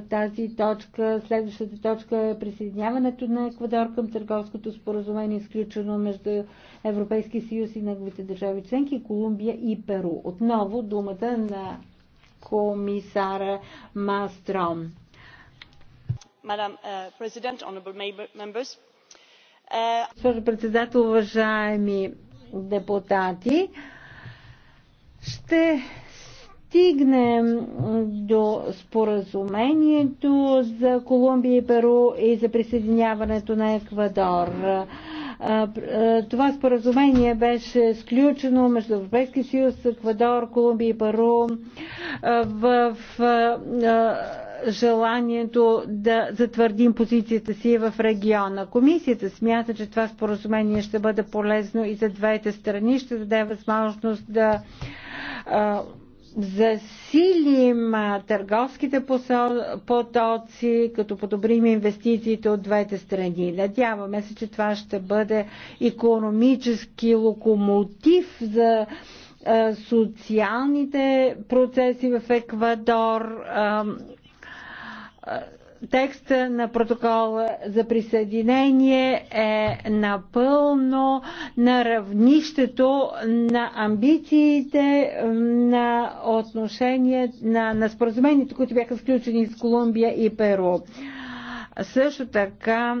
тази точка. Следващата точка е присъединяването на Еквадор към търговското споразумение, изключено между Европейския съюз и неговите държави членки, Колумбия и Перу. Отново думата на комисара Мастром. Мадам е, президент, е, Госпожо председател, уважаеми депутати, ще стигнем до споразумението за Колумбия и Перу и за присъединяването на Еквадор. Това споразумение беше сключено между Европейския съюз, Еквадор, Колумбия и Перу в желанието да затвърдим позицията си в региона. Комисията смята, че това споразумение ще бъде полезно и за двете страни, ще даде възможност да засилим търговските потоци, като подобрим инвестициите от двете страни. Надяваме се, че това ще бъде економически локомотив за социалните процеси в Еквадор текста на протокола за присъединение е напълно на равнището на амбициите на отношение на, на споразумението, които бяха сключени с Колумбия и Перу. Също така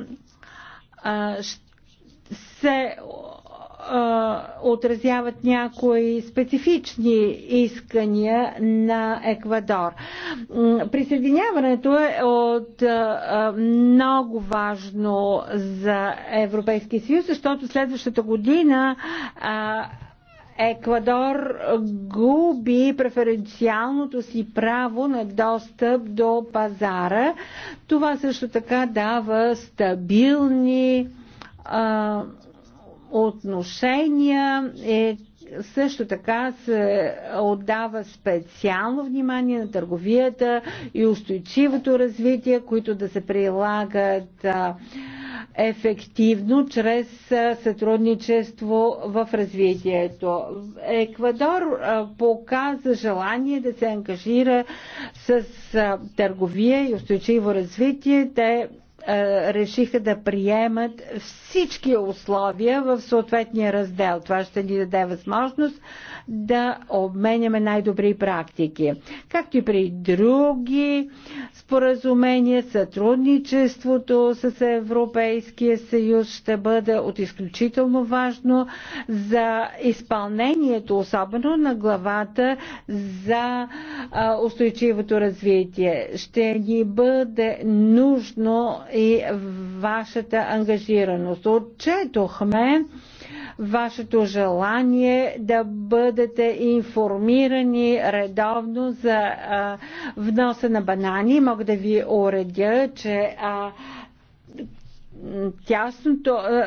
се отразяват някои специфични искания на Еквадор. Присъединяването е от много важно за Европейския съюз, защото следващата година Еквадор губи преференциалното си право на достъп до пазара. Това също така дава стабилни отношения е също така се отдава специално внимание на търговията и устойчивото развитие, които да се прилагат ефективно чрез сътрудничество в развитието. Еквадор показа желание да се ангажира с търговия и устойчиво развитие. Те е, решиха да приемат всички условия в съответния раздел. Това ще ни даде възможност да обменяме най-добри практики. Както и при други споразумения, сътрудничеството с Европейския съюз ще бъде от изключително важно за изпълнението, особено на главата за устойчивото развитие. Ще ни бъде нужно и вашата ангажираност. Отчетохме вашето желание да бъдете информирани редовно за а, вноса на банани. Мога да ви уредя, че а, тясното е,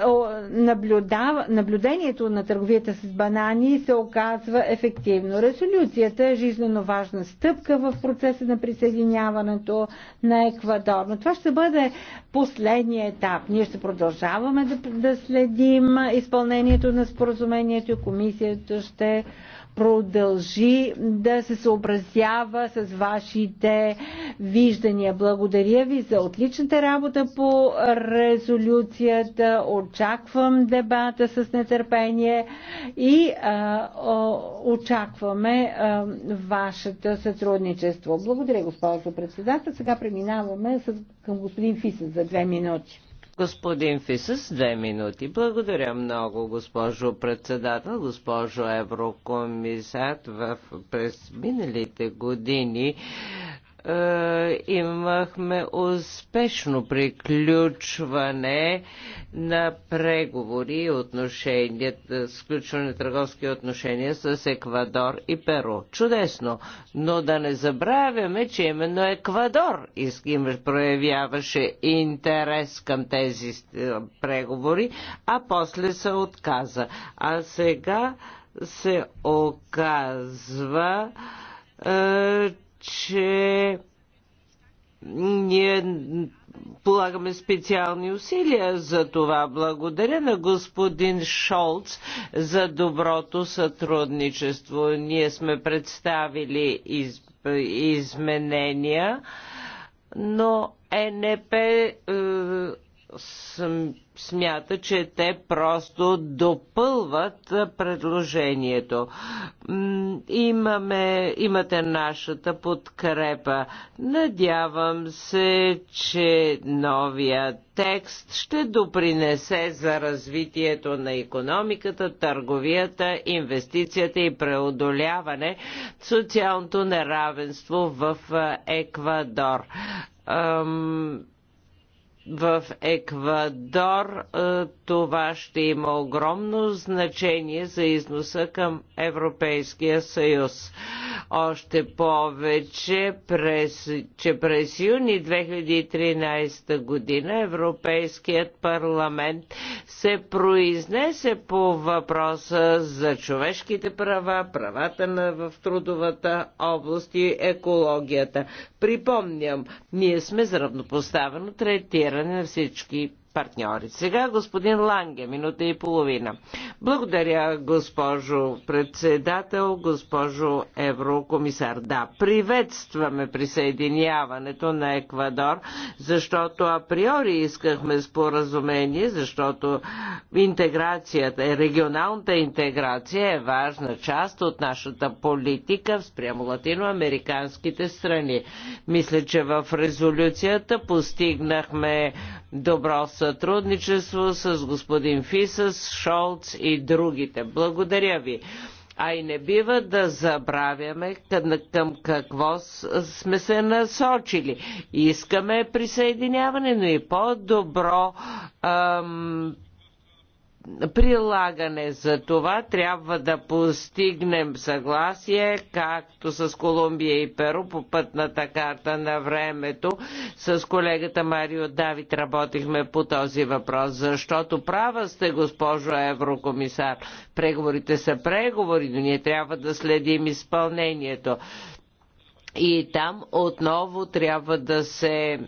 наблюдава, наблюдението на търговията с банани се оказва ефективно. Резолюцията е жизненно важна стъпка в процеса на присъединяването на Еквадор. Но това ще бъде последния етап. Ние ще продължаваме да, да следим изпълнението на споразумението и комисията ще продължи да се съобразява с вашите виждания. Благодаря ви за отличната работа по резолюцията. Очаквам дебата с нетърпение и а, о, очакваме а, вашето сътрудничество. Благодаря, госпожо председател. Сега преминаваме с, към господин Фисен за две минути. Господин Фисъс, две минути. Благодаря много, госпожо председател, госпожо еврокомисар. В, през миналите години е, имахме успешно приключване на преговори и отношения, сключване на търговски отношения с Еквадор и Перу. Чудесно, но да не забравяме, че именно Еквадор проявяваше интерес към тези е, преговори, а после се отказа. А сега се оказва, е, че ние полагаме специални усилия за това. Благодаря на господин Шолц за доброто сътрудничество. Ние сме представили из, изменения, но ЕНП е, смята, че те просто допълват предложението. Имаме, имате нашата подкрепа. Надявам се, че новия текст ще допринесе за развитието на економиката, търговията, инвестицията и преодоляване социалното неравенство в Еквадор в Еквадор е, това ще има огромно значение за износа към Европейския съюз. Още повече, през, че през юни 2013 година Европейският парламент се произнесе по въпроса за човешките права, правата на, в трудовата област и екологията. Припомням, ние сме за равнопоставено третиране гарантиране на всички партньори. Сега господин Ланге, минута и половина. Благодаря, госпожо председател, госпожо еврокомисар. Да, приветстваме присъединяването на Еквадор, защото априори искахме споразумение, защото интеграцията, регионалната интеграция е важна част от нашата политика спрямо латиноамериканските страни. Мисля, че в резолюцията постигнахме добро сътрудничество с господин Фисъс, Шолц и другите. Благодаря ви. А и не бива да забравяме към, към какво сме се насочили. Искаме присъединяване, но и по-добро прилагане. За това трябва да постигнем съгласие, както с Колумбия и Перу по пътната карта на времето. С колегата Марио Давид работихме по този въпрос, защото права сте, госпожо еврокомисар. Преговорите са преговори, но ние трябва да следим изпълнението. И там отново трябва да се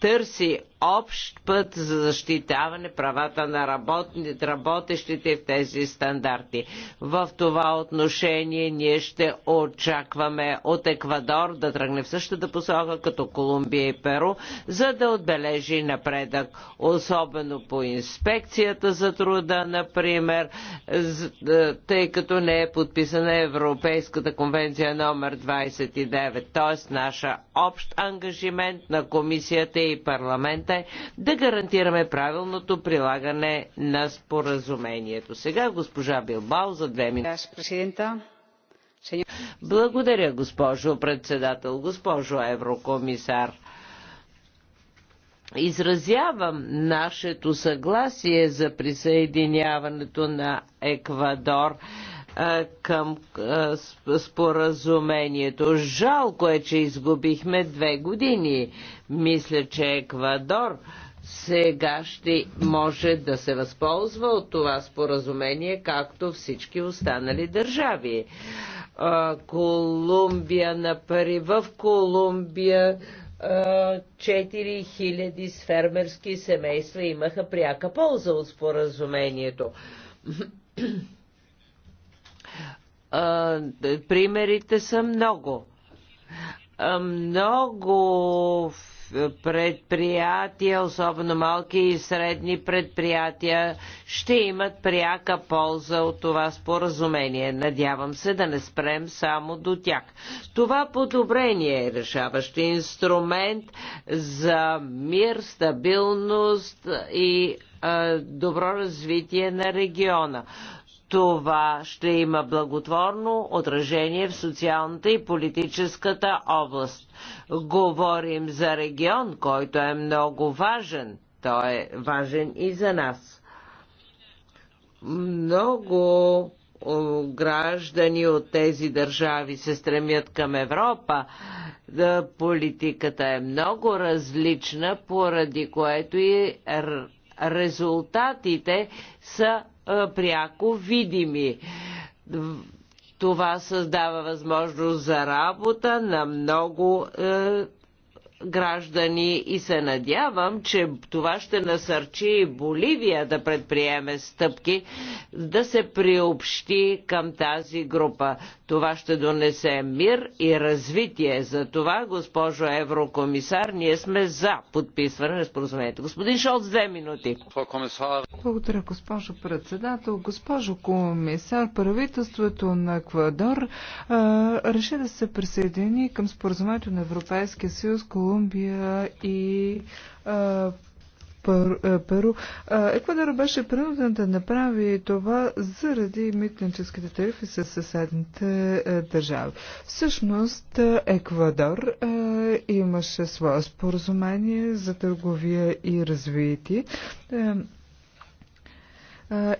търси общ път за защитаване правата на работни, работещите в тези стандарти. В това отношение ние ще очакваме от Еквадор да тръгне в същата посока като Колумбия и Перу, за да отбележи напредък, особено по инспекцията за труда, например, е, тъй като не е подписана Европейската конвенция номер 29, т.е. наша общ ангажимент на комисията и парламента е да гарантираме правилното прилагане на споразумението. Сега госпожа Билбао за две минути. Благодаря, госпожо председател, госпожо еврокомисар. Изразявам нашето съгласие за присъединяването на Еквадор към споразумението. Жалко е, че изгубихме две години. Мисля, че Еквадор сега ще може да се възползва от това споразумение, както всички останали държави. Колумбия, например, в Колумбия 4000 с фермерски семейства имаха пряка полза от споразумението примерите са много. Много предприятия, особено малки и средни предприятия, ще имат пряка полза от това споразумение. Надявам се да не спрем само до тях. Това подобрение е решаващ инструмент за мир, стабилност и добро развитие на региона. Това ще има благотворно отражение в социалната и политическата област. Говорим за регион, който е много важен. Той е важен и за нас. Много граждани от тези държави се стремят към Европа, политиката е много различна, поради което и резултатите са пряко видими. Това създава възможност за работа на много е, граждани и се надявам, че това ще насърчи Боливия да предприеме стъпки да се приобщи към тази група. Това ще донесе мир и развитие. За това, госпожо еврокомисар, ние сме за подписване на споразумението. Господин Шолц, две минути. Благодаря, госпожо председател. Госпожо комисар, правителството на Еквадор а, реши да се присъедини към споразумението на Европейския съюз, Колумбия и а, Перу. Еквадор беше принуден да направи това заради митническите тарифи с съседните държави. Всъщност Еквадор имаше свое споразумение за търговия и развитие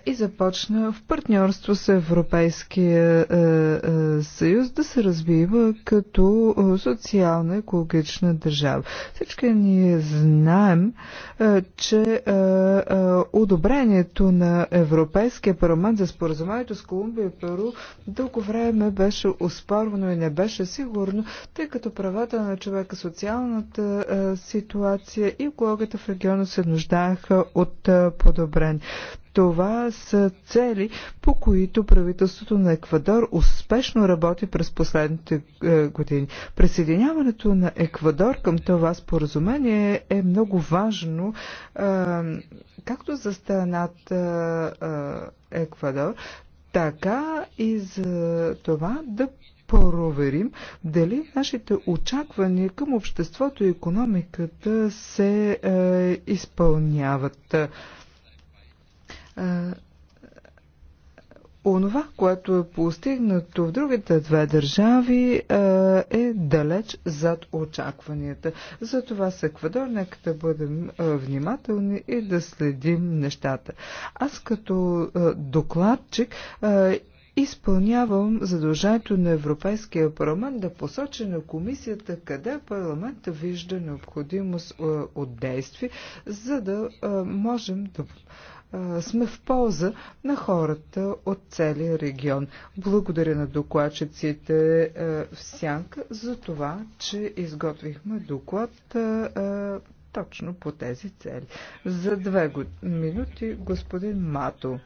и започна в партньорство с Европейския е, е, съюз да се развива като е, социална екологична държава. Всички ние знаем, че одобрението на Европейския парламент за споразумението с Колумбия и Перу дълго време беше успорвано и не беше сигурно, тъй като правата на човека, социалната ситуация и екологията в региона се нуждаеха от подобрен. Това са цели, по които правителството на Еквадор успешно работи през последните е, години. Присъединяването на Еквадор към това споразумение е много важно е, както за страната е, Еквадор, така и за това да проверим дали нашите очаквания към обществото и економиката се е, изпълняват. Онова, което е постигнато в другите две държави е далеч зад очакванията. Затова с Еквадор нека да бъдем внимателни и да следим нещата. Аз като докладчик изпълнявам задължението на Европейския парламент да посочи на комисията къде парламента вижда необходимост от действие, за да можем да сме в полза на хората от целия регион. Благодаря на докладчиците в Сянка за това, че изготвихме доклад точно по тези цели. За две минути господин Мато.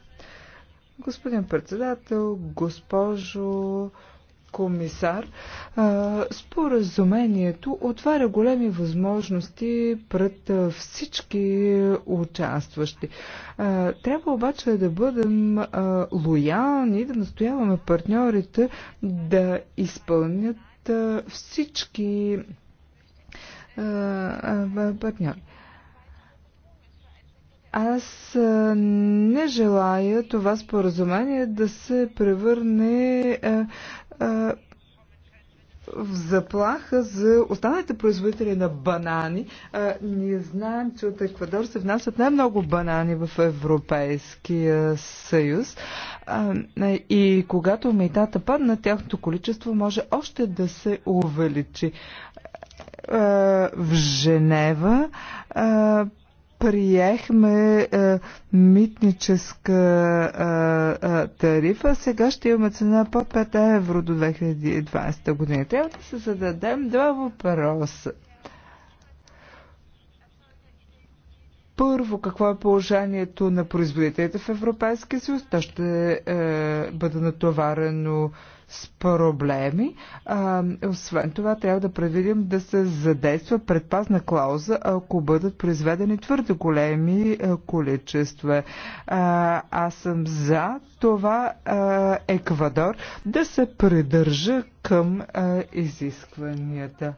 Господин председател, госпожо комисар, споразумението отваря големи възможности пред всички участващи. Трябва обаче да бъдем лоялни и да настояваме партньорите да изпълнят всички партньори. Аз не желая това споразумение да се превърне заплаха за останалите производители на банани. Ние знаем, че от Еквадор се внасят най-много банани в Европейския съюз. И когато метата падна, тяхното количество може още да се увеличи. В Женева приехме а, е, митническа а, е, а, е, тарифа, сега ще имаме цена по 5 евро до 2020 година. Трябва да се зададем два въпроса. Първо, какво е положението на производителите в Европейския съюз? То ще е, бъде натоварено с проблеми. А, освен това, трябва да предвидим да се задейства предпазна клауза, ако бъдат произведени твърде големи количества. А, аз съм за това а, Еквадор да се придържа към а, изискванията.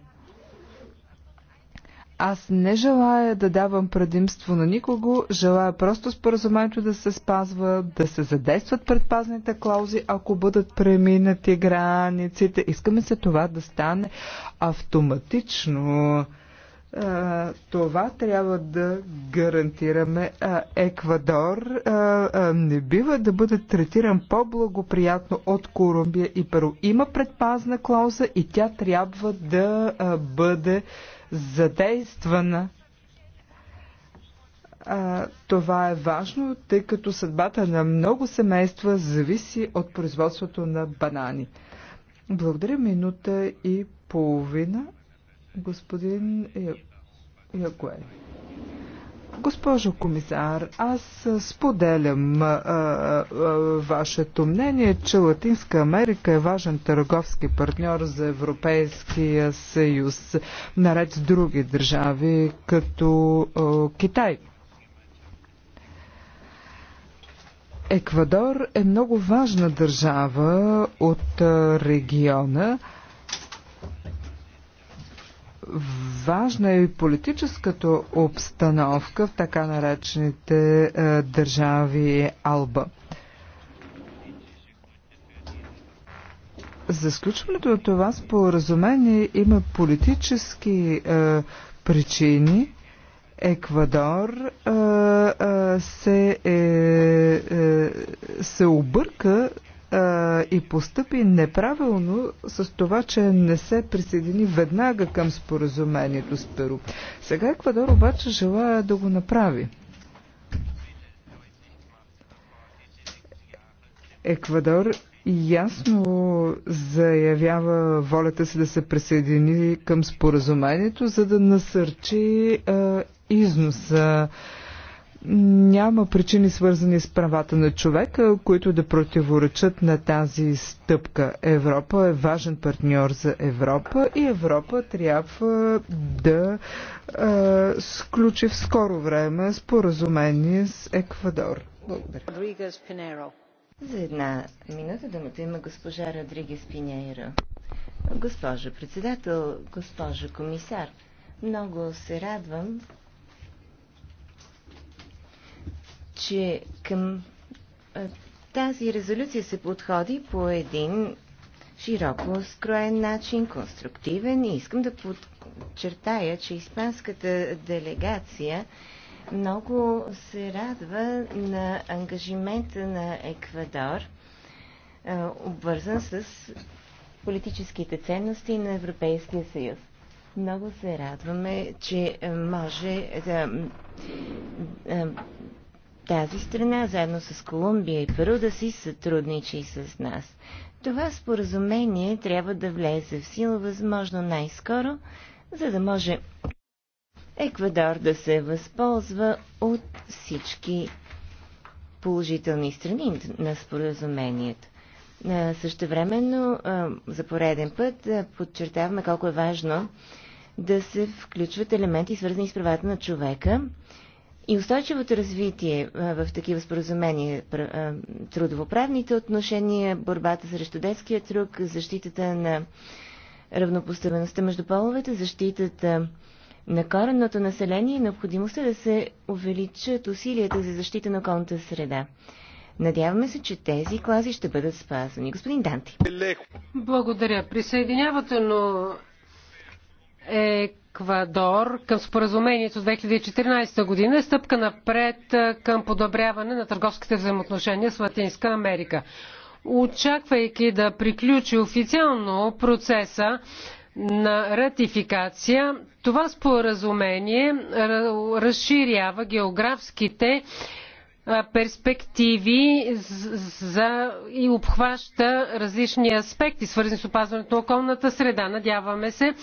Аз не желая да давам предимство на никого, желая просто споразумението да се спазва, да се задействат предпазните клаузи, ако бъдат преминати границите. Искаме се това да стане автоматично това трябва да гарантираме. Еквадор не бива да бъде третиран по-благоприятно от Колумбия и Перу. Има предпазна клауза и тя трябва да бъде задействана. това е важно, тъй като съдбата на много семейства зависи от производството на банани. Благодаря минута и половина господин е, Ягуер. Госпожо комисар, аз споделям а, а, вашето мнение, че Латинска Америка е важен търговски партньор за Европейския съюз, наред с други държави, като а, Китай. Еквадор е много важна държава от региона. А, Важна е и политическата обстановка в така наречените е, държави Алба. За сключването на това споразумение има политически е, причини. Еквадор е, е, се, е, е, се обърка и постъпи неправилно с това, че не се присъедини веднага към споразумението с Перу. Сега Еквадор обаче желая да го направи. Еквадор ясно заявява волята си да се присъедини към споразумението, за да насърчи а, износа. А, няма причини свързани с правата на човека, които да противоречат на тази стъпка. Европа е важен партньор за Европа и Европа трябва да е, сключи в скоро време споразумение с Еквадор. Благодаря. За една минута думата има госпожа Родригес Пинейро. Госпожо председател, госпожо комисар, много се радвам, че към тази резолюция се подходи по един широко скроен начин, конструктивен и искам да подчертая, че испанската делегация много се радва на ангажимента на Еквадор, обвързан с политическите ценности на Европейския съюз. Много се радваме, че може да тази страна, заедно с Колумбия и Перу, да си сътрудничи с нас. Това споразумение трябва да влезе в сила възможно най-скоро, за да може Еквадор да се възползва от всички положителни страни на споразумението. Същевременно, за пореден път, подчертаваме колко е важно да се включват елементи, свързани с правата на човека и устойчивото развитие в такива споразумения, трудовоправните отношения, борбата срещу детския труд, защитата на равнопоставеността между половете, защитата на коренното население и необходимостта да се увеличат усилията за защита на околната среда. Надяваме се, че тези клази ще бъдат спазвани. Господин Данти. Благодаря. Присъединявате, но е Еквадор към споразумението от 2014 година е стъпка напред към подобряване на търговските взаимоотношения с Латинска Америка. Очаквайки да приключи официално процеса на ратификация, това споразумение разширява географските перспективи за и обхваща различни аспекти, свързани с опазването на околната среда. Надяваме се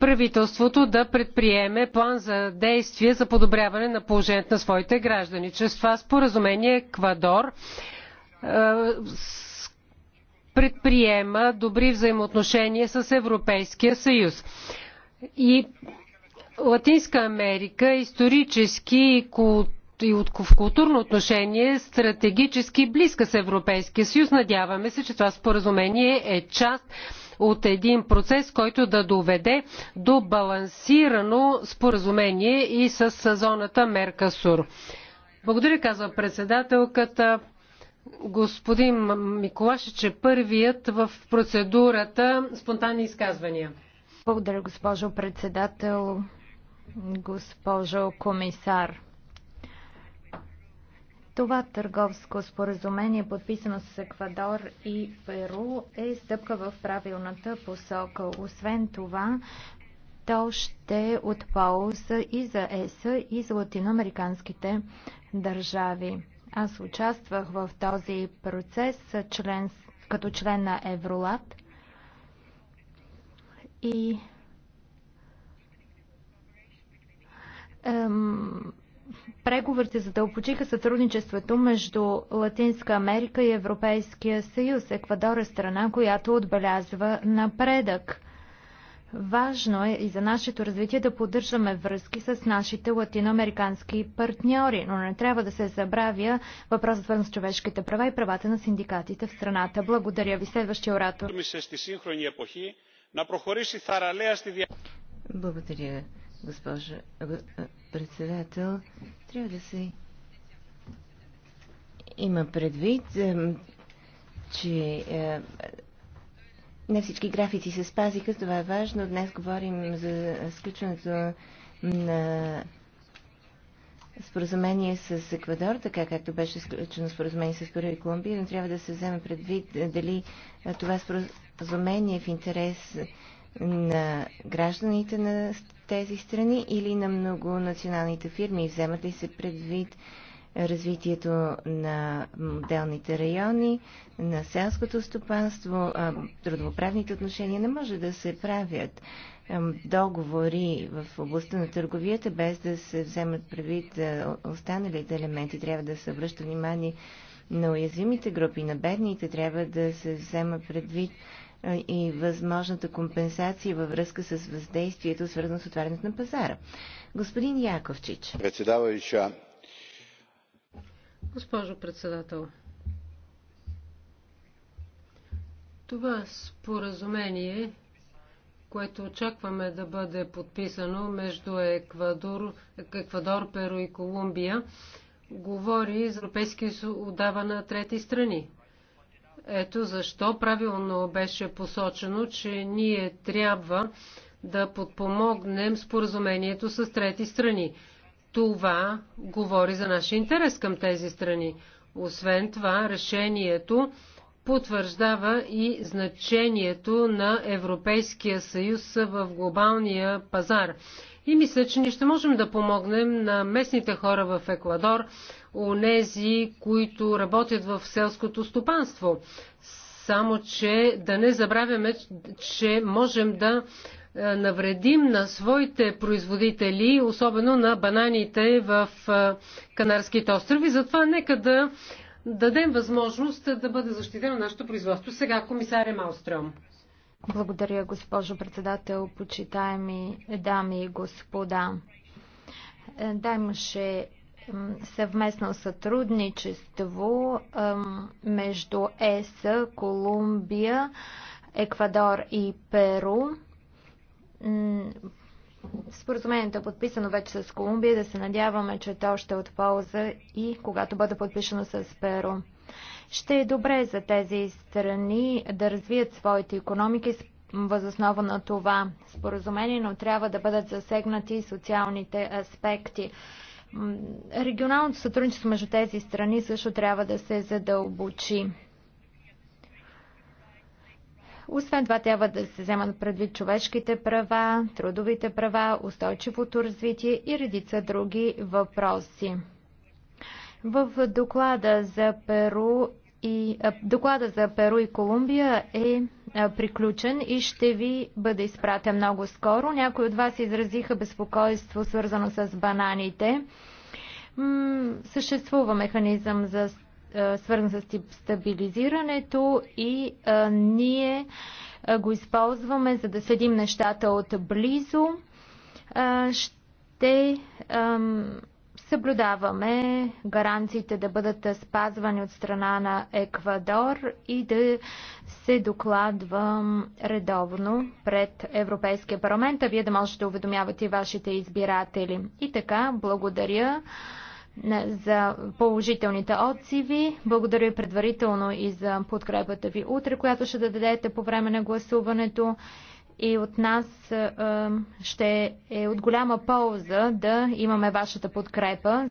правителството да предприеме план за действие за подобряване на положението на своите граждани. Чрез това споразумение Еквадор е, предприема добри взаимоотношения с Европейския съюз. И Латинска Америка исторически и културно и в културно отношение стратегически близка с Европейския съюз. Надяваме се, че това споразумение е част от един процес, който да доведе до балансирано споразумение и с зоната меркосур. Благодаря, казва председателката. Господин Миколашич е първият в процедурата спонтанни изказвания. Благодаря, госпожо председател, госпожо комисар. Това търговско споразумение, подписано с Еквадор и Перу, е стъпка в правилната посока. Освен това, то ще от полза и за ЕС и за латиноамериканските държави. Аз участвах в този процес член, като член на Евролат и преговорите задълбочиха сътрудничеството между Латинска Америка и Европейския съюз. Еквадор е страна, която отбелязва напредък. Важно е и за нашето развитие да поддържаме връзки с нашите латиноамерикански партньори, но не трябва да се забравя въпросът свързан с човешките права и правата на синдикатите в страната. Благодаря ви. Следващия оратор. Благодаря, госпожа председател. Трябва да се има предвид, че не всички графици се спазиха, това е важно. Днес говорим за сключването на споразумение с Еквадор, така както беше сключено споразумение с Първи Колумбия, но трябва да се вземе предвид е, дали е, това споразумение е в интерес на гражданите на тези страни или на многонационалните фирми? Вземат ли се предвид развитието на отделните райони, на селското стопанство, трудовоправните отношения не може да се правят договори в областта на търговията, без да се вземат предвид останалите елементи. Трябва да се обръща внимание на уязвимите групи, на бедните. Трябва да се взема предвид и възможната компенсация във връзка с въздействието, свързано с отварянето на пазара. Господин Яковчич. Председаваща. Госпожо председател, това споразумение, което очакваме да бъде подписано между Еквадор, Еквадор Перу и Колумбия, говори за европейски отдава на трети страни. Ето защо правилно беше посочено, че ние трябва да подпомогнем споразумението с трети страни. Това говори за нашия интерес към тези страни. Освен това, решението потвърждава и значението на Европейския съюз в глобалния пазар и мисля, че ние ще можем да помогнем на местните хора в Еквадор, онези, които работят в селското стопанство. Само, че да не забравяме, че можем да е, навредим на своите производители, особено на бананите в е, Канарските острови. Затова нека да дадем възможност да бъде защитено нашето производство. Сега комисаря Маустрем. Благодаря, госпожо председател, почитаеми дами и господа. Е, да, имаше съвместно сътрудничество между ЕС, Колумбия, Еквадор и Перу. Споразумението е подписано вече с Колумбия, да се надяваме, че то ще е от полза и когато бъде подписано с Перу. Ще е добре за тези страни да развият своите економики възоснова на това споразумение, но трябва да бъдат засегнати и социалните аспекти. Регионалното сътрудничество между тези страни също трябва да се задълбочи. Освен това трябва да се вземат предвид човешките права, трудовите права, устойчивото развитие и редица други въпроси. В доклада за Перу и доклада за Перу и Колумбия е приключен и ще ви бъде изпратен много скоро. Някои от вас изразиха безпокойство, свързано с бананите. Съществува механизъм за свързан с стабилизирането и а, ние а, го използваме, за да следим нещата отблизо. А, ще Съблюдаваме гаранциите да бъдат спазвани от страна на Еквадор и да се докладвам редовно пред Европейския парламент, а вие да можете да уведомявате и вашите избиратели. И така, благодаря за положителните отзиви. Благодаря предварително и за подкрепата ви утре, която ще дадете по време на гласуването и от нас ще е от голяма полза да имаме вашата подкрепа.